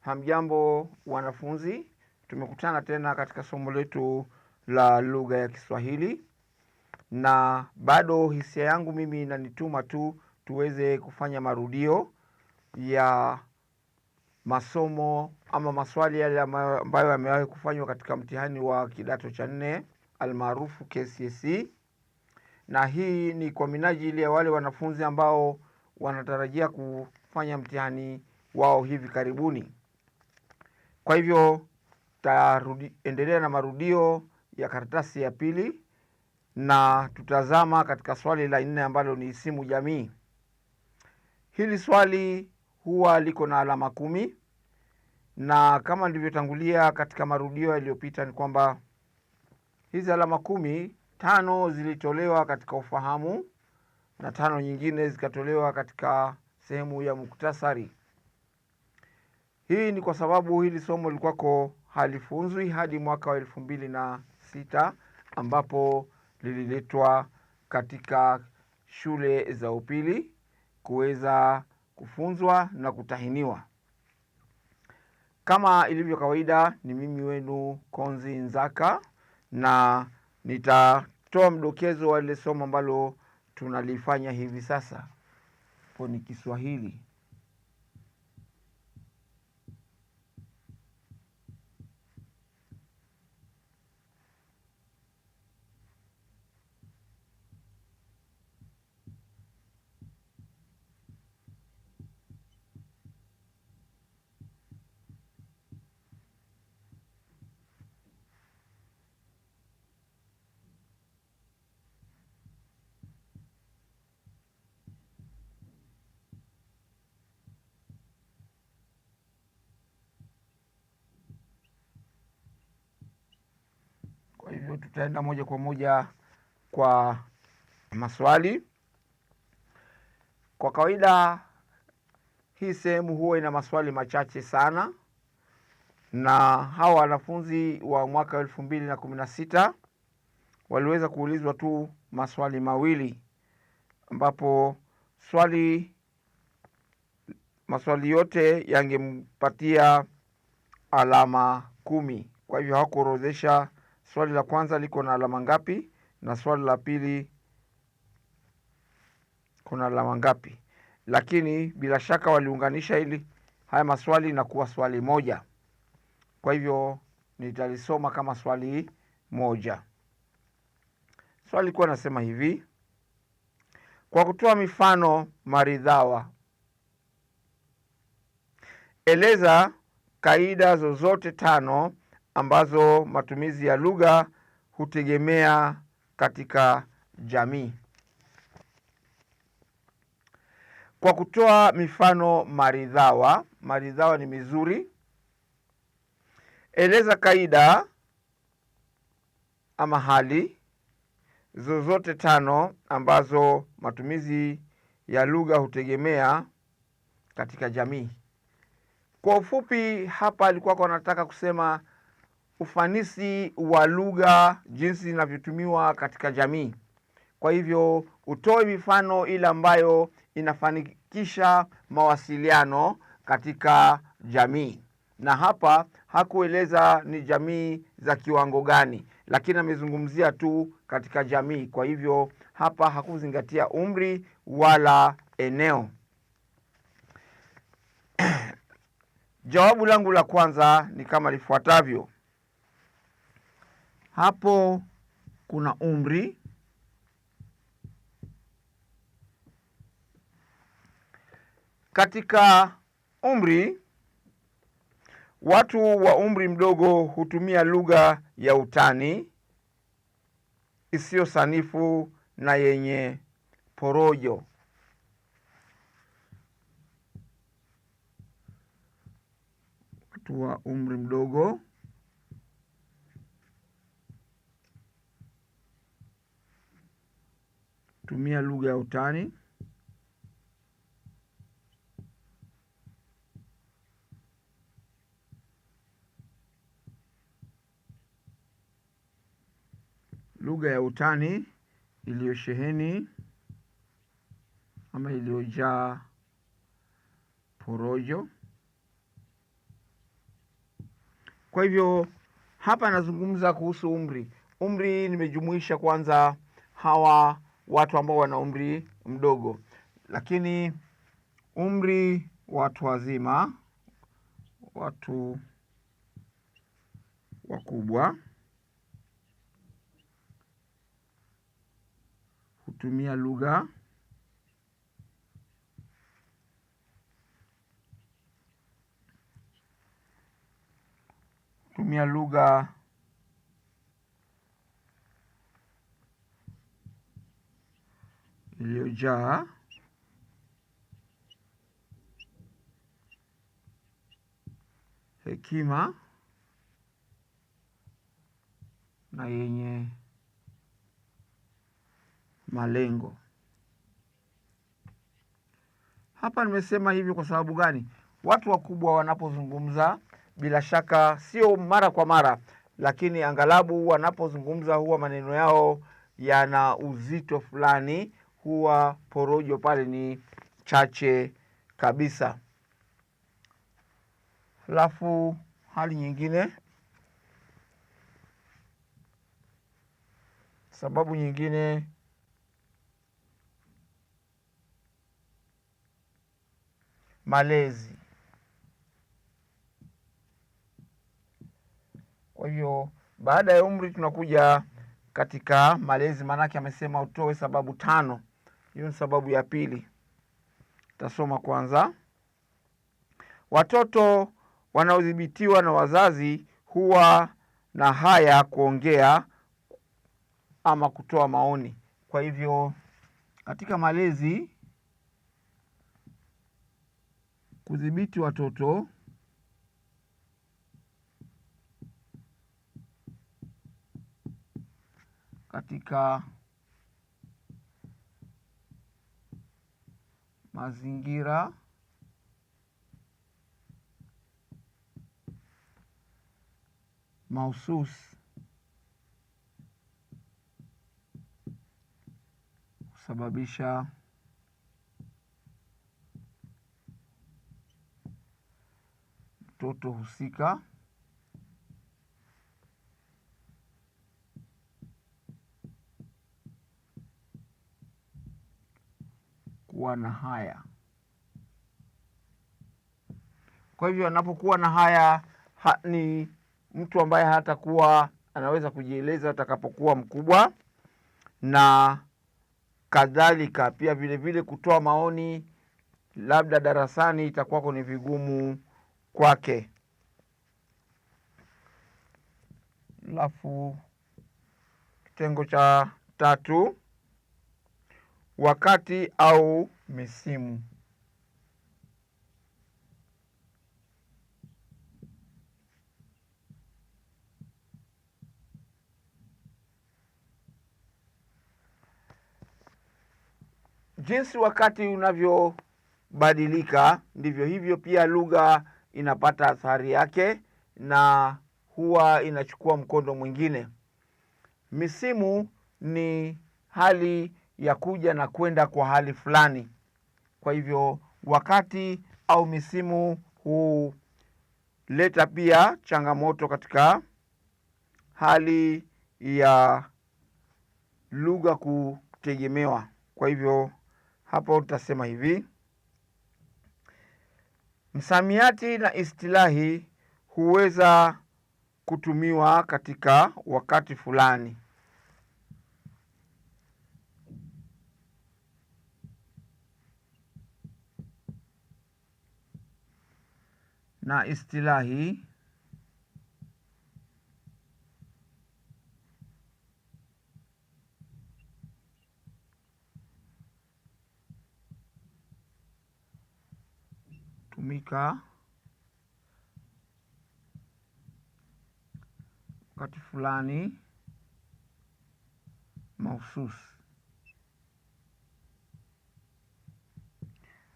Hamjambo wanafunzi, tumekutana tena katika somo letu la lugha ya Kiswahili, na bado hisia yangu mimi inanituma tu tuweze kufanya marudio ya masomo ama maswali yale ambayo yamewahi kufanywa katika mtihani wa kidato cha nne almaarufu KCSE, na hii ni kwa minajili ya wale wanafunzi ambao wanatarajia kufanya mtihani wao hivi karibuni. Kwa hivyo tutaendelea na marudio ya karatasi ya pili na tutazama katika swali la nne ambalo ni isimu jamii. Hili swali huwa liko na alama kumi, na kama nilivyotangulia katika marudio yaliyopita ni kwamba hizi alama kumi, tano zilitolewa katika ufahamu na tano nyingine zikatolewa katika sehemu ya muktasari. Hii ni kwa sababu hili somo lilikuwako halifunzwi hadi mwaka wa elfu mbili na sita ambapo lililetwa katika shule za upili kuweza kufunzwa na kutahiniwa. Kama ilivyo kawaida, ni mimi wenu Konzi Nzaka, na nitatoa mdokezo wa lile somo ambalo tunalifanya hivi sasa ni Kiswahili tutaenda moja kwa moja kwa maswali. Kwa kawaida hii sehemu huwa ina maswali machache sana, na hawa wanafunzi wa mwaka elfu mbili na kumi na sita waliweza kuulizwa tu maswali mawili, ambapo swali maswali yote yangempatia alama kumi. Kwa hivyo hawakuorodhesha swali la kwanza liko na alama ngapi na swali la pili kuna alama ngapi? Lakini bila shaka waliunganisha ili haya maswali na kuwa swali moja, kwa hivyo nitalisoma kama swali moja. Swali likuwa nasema hivi, kwa kutoa mifano maridhawa, eleza kaida zozote tano ambazo matumizi ya lugha hutegemea katika jamii. Kwa kutoa mifano maridhawa, maridhawa ni mizuri. Eleza kaida ama hali zozote tano ambazo matumizi ya lugha hutegemea katika jamii. Kwa ufupi, hapa alikuwa anataka kusema ufanisi wa lugha jinsi inavyotumiwa katika jamii. Kwa hivyo utoe mifano ile ambayo inafanikisha mawasiliano katika jamii, na hapa hakueleza ni jamii za kiwango gani, lakini amezungumzia tu katika jamii. Kwa hivyo hapa hakuzingatia umri wala eneo. Jawabu langu la kwanza ni kama lifuatavyo. Hapo kuna umri, katika umri watu wa umri mdogo hutumia lugha ya utani isiyo sanifu na yenye porojo. Watu wa umri mdogo tumia lugha ya utani lugha ya utani iliyosheheni ama iliyojaa porojo. Kwa hivyo hapa nazungumza kuhusu umri. Umri nimejumuisha kwanza hawa watu ambao wana umri mdogo, lakini umri wa watu wazima, watu wakubwa hutumia lugha hutumia lugha iliyojaa hekima na yenye malengo. Hapa nimesema hivi kwa sababu gani? Watu wakubwa wanapozungumza, bila shaka, sio mara kwa mara, lakini angalabu wanapozungumza huwa maneno yao yana uzito fulani huwa porojo pale ni chache kabisa. Halafu hali nyingine, sababu nyingine malezi. Kwa hiyo baada ya umri tunakuja katika malezi, maanake amesema utoe sababu tano hiyo ni sababu ya pili. Tasoma kwanza, watoto wanaodhibitiwa na wazazi huwa na haya kuongea ama kutoa maoni. Kwa hivyo katika malezi, kudhibiti watoto katika mazingira mahususi kusababisha mtoto husika wanapokuwa na haya. Kwa hivyo anapokuwa na haya ha, ni mtu ambaye hatakuwa anaweza kujieleza atakapokuwa mkubwa, na kadhalika pia vile vile kutoa maoni, labda darasani itakuwako ni vigumu kwake. Alafu kitengo cha tatu, wakati au Misimu. Jinsi wakati unavyobadilika ndivyo hivyo pia lugha inapata athari yake na huwa inachukua mkondo mwingine. Misimu ni hali ya kuja na kwenda kwa hali fulani. Kwa hivyo wakati au misimu huleta pia changamoto katika hali ya lugha kutegemewa. Kwa hivyo hapo tutasema hivi: msamiati na istilahi huweza kutumiwa katika wakati fulani. na istilahi tumika wakati fulani mahususi,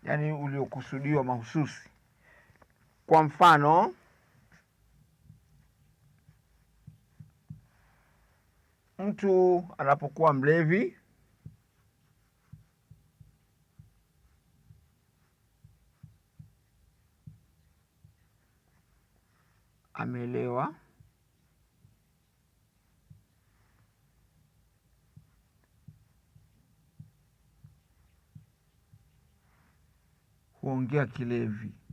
yaani uliokusudiwa mahususi. Kwa mfano, mtu anapokuwa mlevi amelewa huongea kilevi.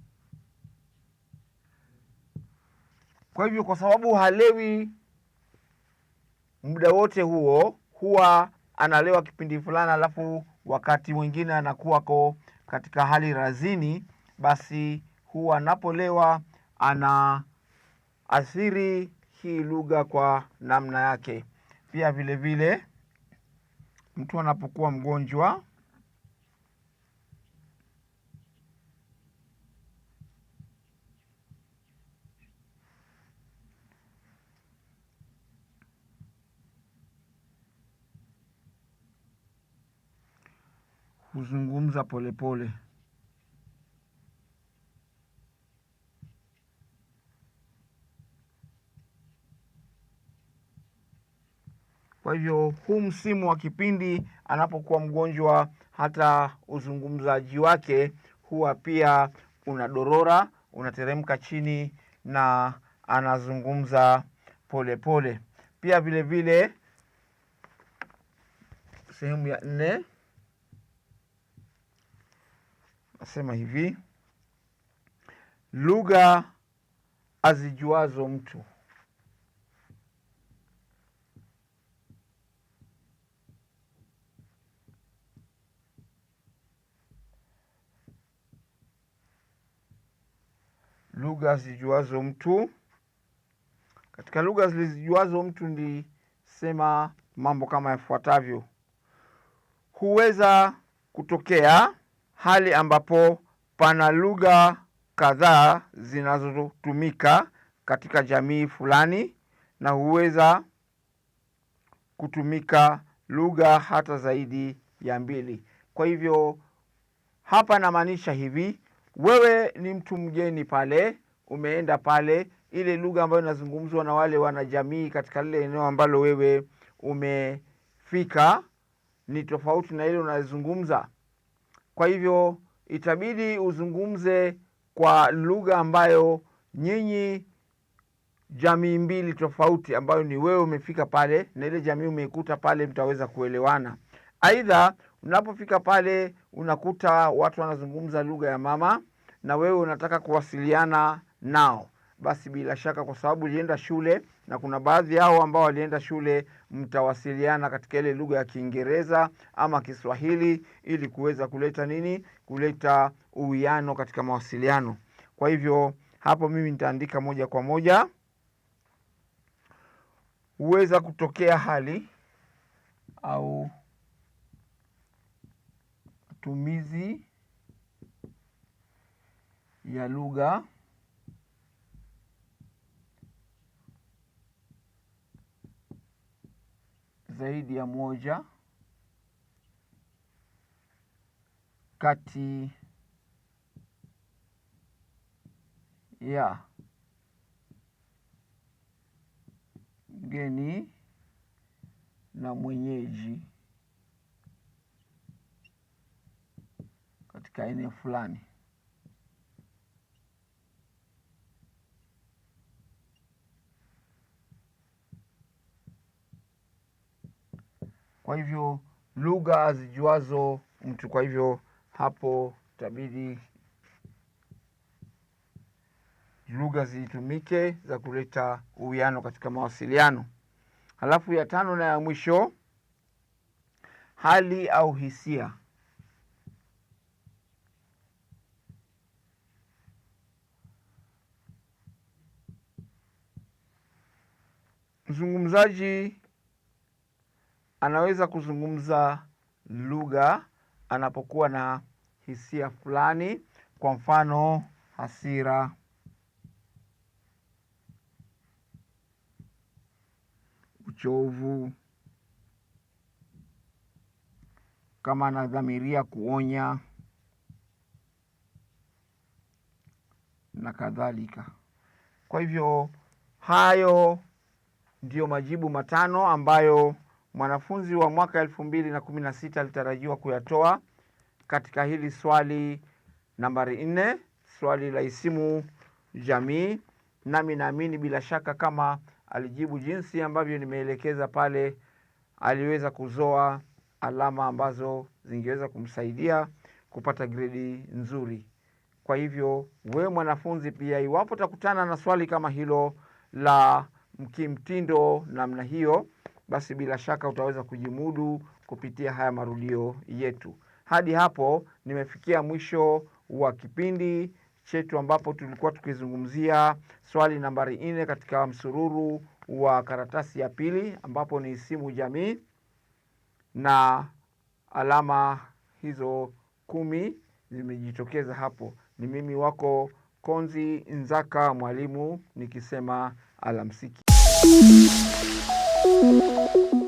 Kwa hivyo, kwa sababu halewi muda wote huo, huwa analewa kipindi fulani, alafu wakati mwingine anakuwako katika hali razini, basi huwa anapolewa ana athiri hii lugha kwa namna yake. Pia vile vile mtu anapokuwa mgonjwa Kuzungumza polepole Kwa hivyo huu msimu wa kipindi anapokuwa mgonjwa, hata uzungumzaji wake huwa pia unadorora, unateremka chini na anazungumza polepole pole. Pia vile vile sehemu ya nne nasema hivi, lugha azijuazo mtu lugha zijuazo mtu. Katika lugha zilizijuazo mtu sema mambo kama yafuatavyo: huweza kutokea hali ambapo pana lugha kadhaa zinazotumika katika jamii fulani na huweza kutumika lugha hata zaidi ya mbili. Kwa hivyo hapa namaanisha hivi, wewe ni mtu mgeni pale, umeenda pale, ile lugha ambayo inazungumzwa na wale wanajamii katika lile eneo ambalo wewe umefika ni tofauti na ile unazungumza kwa hivyo itabidi uzungumze kwa lugha ambayo nyinyi jamii mbili tofauti, ambayo ni wewe umefika pale na ile jamii umeikuta pale, mtaweza kuelewana. Aidha, unapofika pale unakuta watu wanazungumza lugha ya mama na wewe unataka kuwasiliana nao, basi bila shaka, kwa sababu ulienda shule na kuna baadhi yao ambao walienda shule, mtawasiliana katika ile lugha ya Kiingereza ama Kiswahili ili kuweza kuleta nini, kuleta uwiano katika mawasiliano. Kwa hivyo hapo mimi nitaandika moja kwa moja, huweza kutokea hali au tumizi ya lugha zaidi ya moja kati ya mgeni na mwenyeji katika eneo fulani. Kwa hivyo lugha zijuazo mtu, kwa hivyo hapo tabidi lugha zitumike za kuleta uwiano katika mawasiliano. Halafu ya tano na ya mwisho, hali au hisia. Mzungumzaji anaweza kuzungumza lugha anapokuwa na hisia fulani, kwa mfano hasira, uchovu, kama anadhamiria kuonya na kadhalika. Kwa hivyo hayo ndiyo majibu matano ambayo mwanafunzi wa mwaka elfu mbili na kumi na sita alitarajiwa kuyatoa katika hili swali nambari nne, swali la isimu jamii, nami naamini bila shaka kama alijibu jinsi ambavyo nimeelekeza pale, aliweza kuzoa alama ambazo zingeweza kumsaidia kupata gredi nzuri. Kwa hivyo wewe mwanafunzi pia, iwapo utakutana na swali kama hilo la kimtindo namna hiyo basi bila shaka utaweza kujimudu kupitia haya marudio yetu. Hadi hapo nimefikia mwisho wa kipindi chetu ambapo tulikuwa tukizungumzia swali nambari nne katika msururu wa karatasi ya pili ambapo ni isimu jamii na alama hizo kumi zimejitokeza hapo. Ni mimi wako Konzi Nzaka, mwalimu nikisema alamsiki. Thank you.